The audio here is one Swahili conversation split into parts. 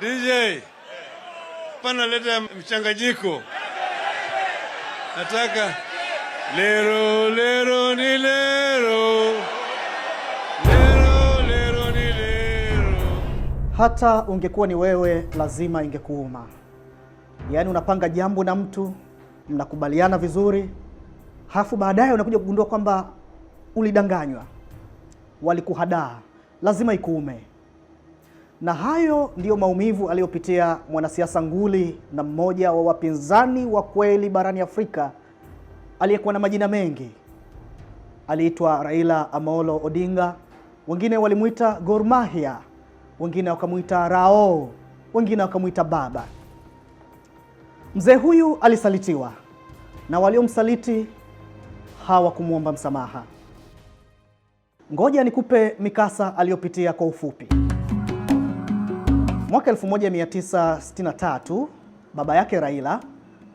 DJ pana leta mchanganyiko, nataka lero lero ni lero. Lero, lero ni lero. Hata ungekuwa ni wewe lazima ingekuuma. Yaani unapanga jambo na mtu mnakubaliana vizuri, halafu baadaye unakuja kugundua kwamba ulidanganywa, walikuhadaa, lazima ikuume. Na hayo ndiyo maumivu aliyopitia mwanasiasa nguli na mmoja wa wapinzani wa kweli barani Afrika aliyekuwa na majina mengi. Aliitwa Raila Amolo Odinga, wengine walimwita Gor Mahia, wengine wakamwita Rao, wengine wakamwita baba. Mzee huyu alisalitiwa na waliomsaliti hawakumwomba msamaha. Ngoja nikupe mikasa aliyopitia kwa ufupi. Mwaka 1963 baba yake Raila,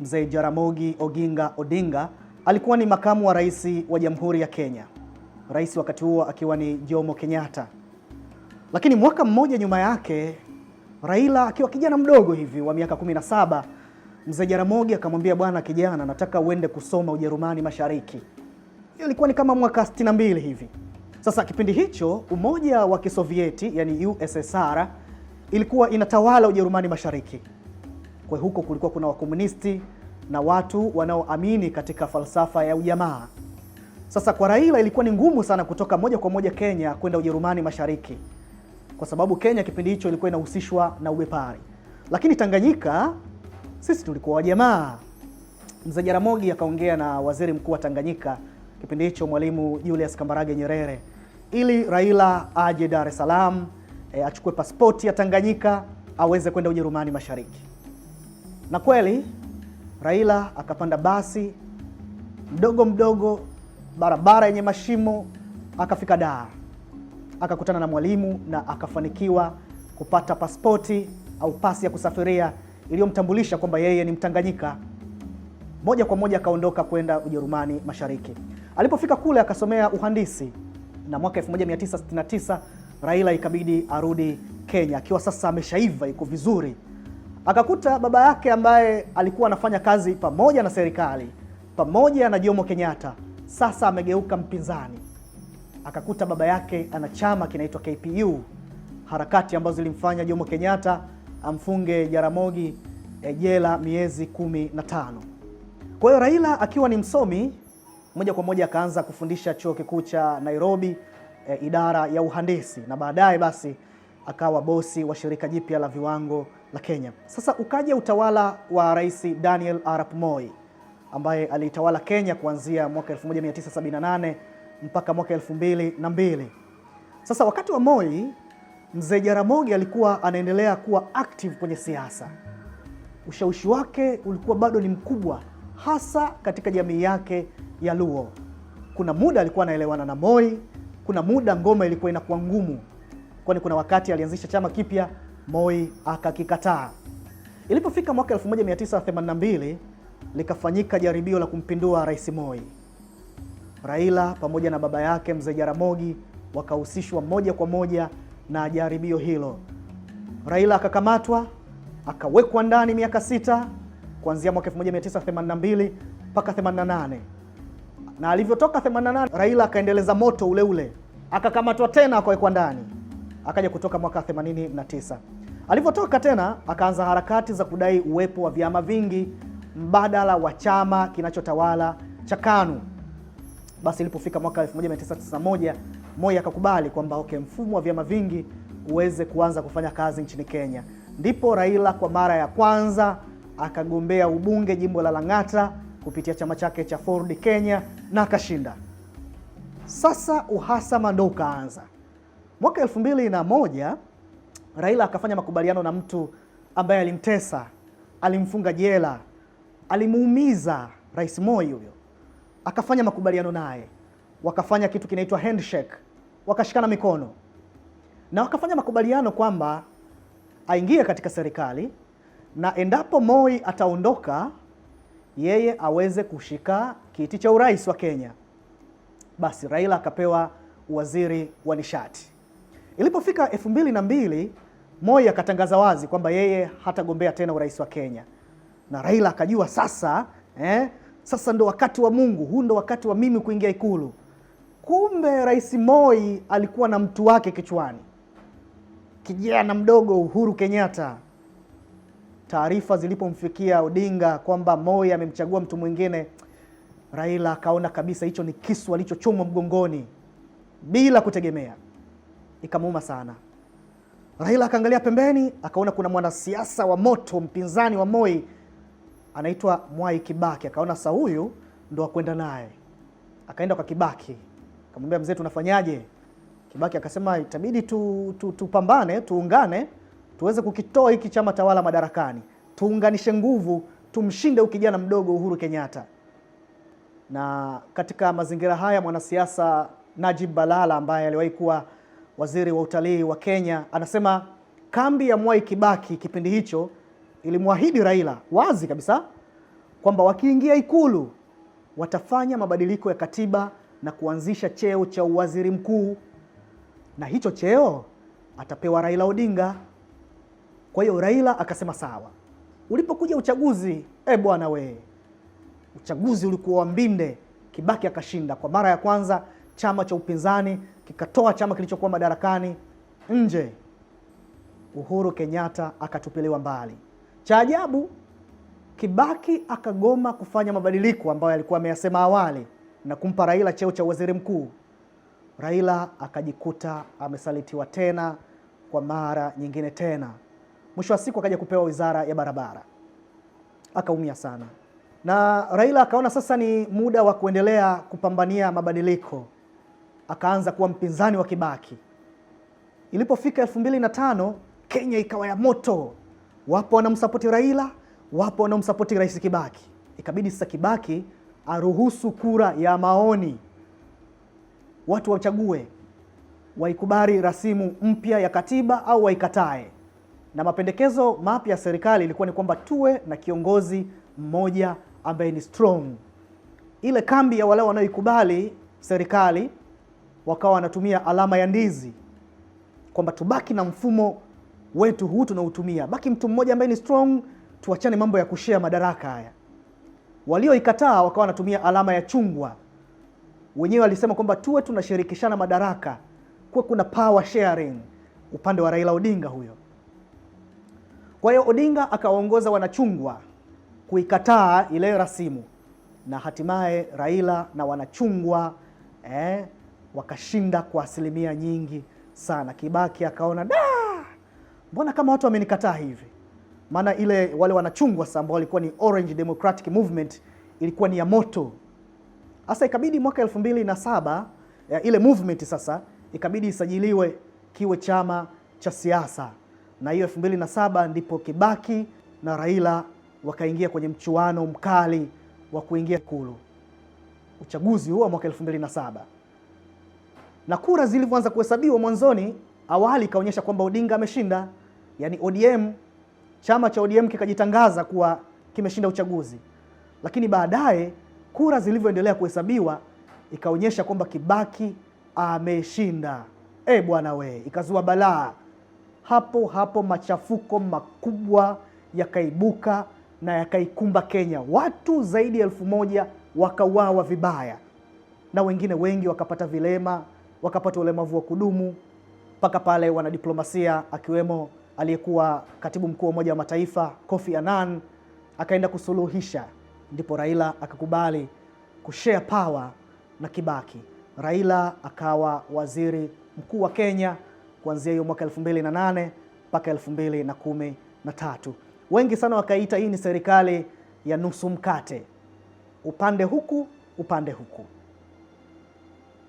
mzee Jaramogi Oginga Odinga, alikuwa ni makamu wa rais wa Jamhuri ya Kenya, rais wakati huo akiwa ni Jomo Kenyatta. Lakini mwaka mmoja nyuma yake, Raila akiwa kijana mdogo hivi wa miaka 17, mzee Jaramogi akamwambia, bwana kijana, nataka uende kusoma Ujerumani Mashariki. Hiyo ilikuwa ni kama mwaka 62 hivi. Sasa kipindi hicho umoja wa Kisovieti yani USSR ilikuwa inatawala Ujerumani Mashariki. Kwa huko kulikuwa kuna wakomunisti na watu wanaoamini katika falsafa ya ujamaa. Sasa kwa Raila ilikuwa ni ngumu sana kutoka moja kwa moja Kenya kwenda Ujerumani Mashariki, kwa sababu Kenya kipindi hicho ilikuwa inahusishwa na ubepari, lakini Tanganyika sisi tulikuwa wajamaa. Mzee Jaramogi akaongea na waziri mkuu wa Tanganyika kipindi hicho Mwalimu Julius Kambarage Nyerere ili Raila aje Dar es Salaam e, achukue pasipoti ya Tanganyika aweze kwenda Ujerumani Mashariki. Na kweli Raila akapanda basi mdogo mdogo, barabara yenye mashimo, akafika Dar, akakutana na Mwalimu na akafanikiwa kupata pasipoti au pasi ya kusafiria iliyomtambulisha kwamba yeye ni Mtanganyika. Moja kwa moja akaondoka kwenda Ujerumani Mashariki. Alipofika kule akasomea uhandisi na mwaka 1969 Raila ikabidi arudi Kenya akiwa sasa ameshaiva, iko vizuri. Akakuta baba yake ambaye alikuwa anafanya kazi pamoja na serikali pamoja na Jomo Kenyatta sasa amegeuka mpinzani. Akakuta baba yake ana chama kinaitwa KPU, harakati ambazo zilimfanya Jomo Kenyatta amfunge Jaramogi eh, jela miezi kumi na tano. Kwa hiyo Raila akiwa ni msomi moja kwa moja akaanza kufundisha chuo kikuu cha Nairobi e, idara ya uhandisi na baadaye basi akawa bosi wa shirika jipya la viwango la Kenya. Sasa ukaja utawala wa Rais Daniel Arap Moi ambaye aliitawala Kenya kuanzia mwaka 1978 mpaka mwaka 2002. Sasa wakati wa Moi, Mzee Jaramogi alikuwa anaendelea kuwa active kwenye siasa. Ushawishi wake ulikuwa bado ni mkubwa hasa katika jamii yake ya Luo. Kuna muda alikuwa anaelewana na Moi kuna muda ngoma ilikuwa inakuwa ngumu, kwani kuna wakati alianzisha chama kipya Moi akakikataa. Ilipofika mwaka 1982 likafanyika jaribio la kumpindua Rais Moi. Raila pamoja na baba yake Mzee Jaramogi wakahusishwa moja kwa moja na jaribio hilo. Raila akakamatwa akawekwa ndani miaka sita kuanzia mwaka 1982 mpaka 88 na alivyotoka 88 Raila akaendeleza moto ule ule, akakamatwa tena akawekwa ndani, akaja kutoka mwaka 89. Alivyotoka tena akaanza harakati za kudai uwepo wa vyama vingi mbadala wa chama kinachotawala cha KANU. Basi ilipofika mwaka 1991 Moi akakubali kwamba okay, mfumo wa vyama vingi uweze kuanza kufanya kazi nchini Kenya. Ndipo Raila kwa mara ya kwanza akagombea ubunge jimbo la Lang'ata kupitia chama chake cha Ford Kenya na akashinda. Sasa uhasama ndo ukaanza mwaka elfu mbili na moja. Raila akafanya makubaliano na mtu ambaye alimtesa, alimfunga jela, alimuumiza Rais Moi huyo, akafanya makubaliano naye, wakafanya kitu kinaitwa handshake, wakashikana mikono na wakafanya makubaliano kwamba aingie katika serikali na endapo Moi ataondoka yeye aweze kushika kiti cha urais wa Kenya. Basi Raila akapewa waziri wa nishati. Ilipofika elfu mbili na mbili Moi akatangaza wazi kwamba yeye hatagombea tena urais wa Kenya, na Raila akajua sasa, eh, sasa ndo wakati wa Mungu, huu ndo wakati wa mimi kuingia Ikulu. Kumbe Rais Moi alikuwa na mtu wake kichwani, kijana mdogo Uhuru Kenyatta taarifa zilipomfikia Odinga kwamba Moi amemchagua mtu mwingine, Raila akaona kabisa hicho ni kisu alichochomwa mgongoni bila kutegemea, ikamuuma sana. Raila akaangalia pembeni, akaona kuna mwanasiasa wa moto, mpinzani wa Moi anaitwa Mwai Kibaki, akaona sa huyu ndo akwenda naye, akaenda kwa Kibaki akamwambia, mzee, tunafanyaje? Kibaki akasema itabidi tu, tu, tupambane tuungane tuweze kukitoa hiki chama tawala madarakani, tuunganishe nguvu, tumshinde huyu kijana mdogo Uhuru Kenyatta. Na katika mazingira haya mwanasiasa Najib Balala ambaye aliwahi kuwa waziri wa utalii wa Kenya anasema kambi ya Mwai Kibaki kipindi hicho ilimwahidi Raila wazi kabisa kwamba wakiingia Ikulu watafanya mabadiliko ya katiba na kuanzisha cheo cha uwaziri mkuu, na hicho cheo atapewa Raila Odinga. Kwa hiyo Raila akasema sawa. Ulipokuja uchaguzi, e bwana we, uchaguzi ulikuwa mbinde. Kibaki akashinda kwa mara ya kwanza, chama cha upinzani kikatoa chama kilichokuwa madarakani nje. Uhuru Kenyatta akatupiliwa mbali. Cha ajabu, Kibaki akagoma kufanya mabadiliko ambayo alikuwa ameyasema awali na kumpa Raila cheo cha waziri mkuu. Raila akajikuta amesalitiwa tena kwa mara nyingine tena. Mwisho wa siku akaja kupewa wizara ya barabara, akaumia sana, na Raila akaona sasa ni muda wa kuendelea kupambania mabadiliko, akaanza kuwa mpinzani wa Kibaki. Ilipofika elfu mbili na tano Kenya ikawa ya moto, wapo wanamsapoti Raila, wapo wanamsapoti Rais Kibaki. Ikabidi sasa Kibaki aruhusu kura ya maoni, watu wachague waikubali rasimu mpya ya katiba au waikatae na mapendekezo mapya ya serikali ilikuwa ni kwamba tuwe na kiongozi mmoja ambaye ni strong. Ile kambi ya wale wanaoikubali serikali wakawa wanatumia alama ya ndizi kwamba tubaki na mfumo wetu huu tunautumia, baki mtu mmoja ambaye ni strong, tuachane mambo ya kushea madaraka haya. Walioikataa wakawa wanatumia alama ya chungwa, wenyewe walisema kwamba tuwe tunashirikishana madaraka, kuwe kuna power sharing, upande wa Raila Odinga huyo kwa hiyo Odinga akawaongoza wanachungwa kuikataa ile rasimu na hatimaye Raila na wanachungwa eh, wakashinda kwa asilimia nyingi sana. Kibaki akaona da, mbona kama watu wamenikataa hivi? Maana ile wale wanachungwa sasa ambao walikuwa ni Orange Democratic Movement ilikuwa ni ya moto. Sasa ikabidi mwaka elfu mbili na saba eh, ile movement sasa ikabidi isajiliwe kiwe chama cha siasa na hiyo saba ndipo Kibaki na Raila wakaingia kwenye mchuano mkali wa kuingia Ikulu, uchaguzi huo wa mwaka elfu na saba na kura zilivyoanza kuhesabiwa mwanzoni, awali ikaonyesha kwamba Odinga ameshinda, yani ODM, chama cha ODM kikajitangaza kuwa kimeshinda uchaguzi, lakini baadaye kura zilivyoendelea kuhesabiwa ikaonyesha kwamba Kibaki ameshinda. E bwana we, ikazua balaa hapo hapo machafuko makubwa yakaibuka na yakaikumba Kenya. Watu zaidi ya elfu moja wakauawa vibaya na wengine wengi wakapata vilema, wakapata ulemavu wa kudumu, mpaka pale wanadiplomasia akiwemo aliyekuwa katibu mkuu wa Umoja wa Mataifa Kofi Annan akaenda kusuluhisha, ndipo Raila akakubali kushare power na Kibaki. Raila akawa waziri mkuu wa Kenya kuanzia hiyo mwaka 2008 mpaka 2013. Wengi sana wakaita hii ni serikali ya nusu mkate, upande huku upande huku.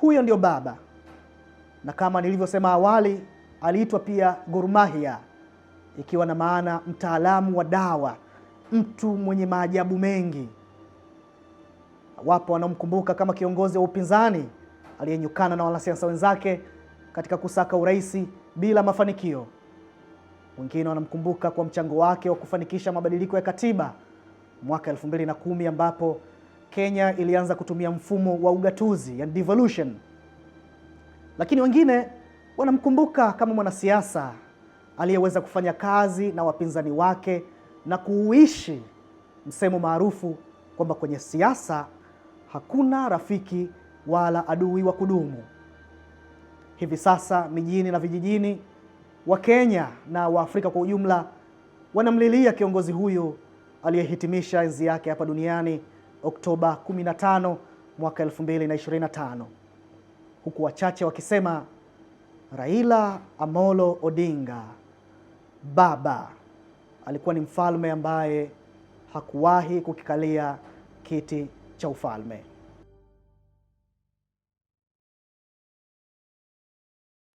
Huyo ndio baba, na kama nilivyosema awali aliitwa pia Gurumahia, ikiwa na maana mtaalamu wa dawa, mtu mwenye maajabu mengi. Wapo wanaomkumbuka kama kiongozi wa upinzani aliyenyukana na wanasiasa wenzake katika kusaka urais bila mafanikio. Wengine wanamkumbuka kwa mchango wake wa kufanikisha mabadiliko ya katiba mwaka 2010 ambapo Kenya ilianza kutumia mfumo wa ugatuzi, yani devolution. Lakini wengine wanamkumbuka kama mwanasiasa aliyeweza kufanya kazi na wapinzani wake na kuuishi msemo maarufu kwamba kwenye siasa hakuna rafiki wala adui wa kudumu hivi sasa mijini na vijijini, Wakenya na Waafrika kwa ujumla wanamlilia kiongozi huyo aliyehitimisha enzi yake hapa duniani Oktoba 15 mwaka 2025, huku wachache wakisema Raila Amolo Odinga baba alikuwa ni mfalme ambaye hakuwahi kukikalia kiti cha ufalme.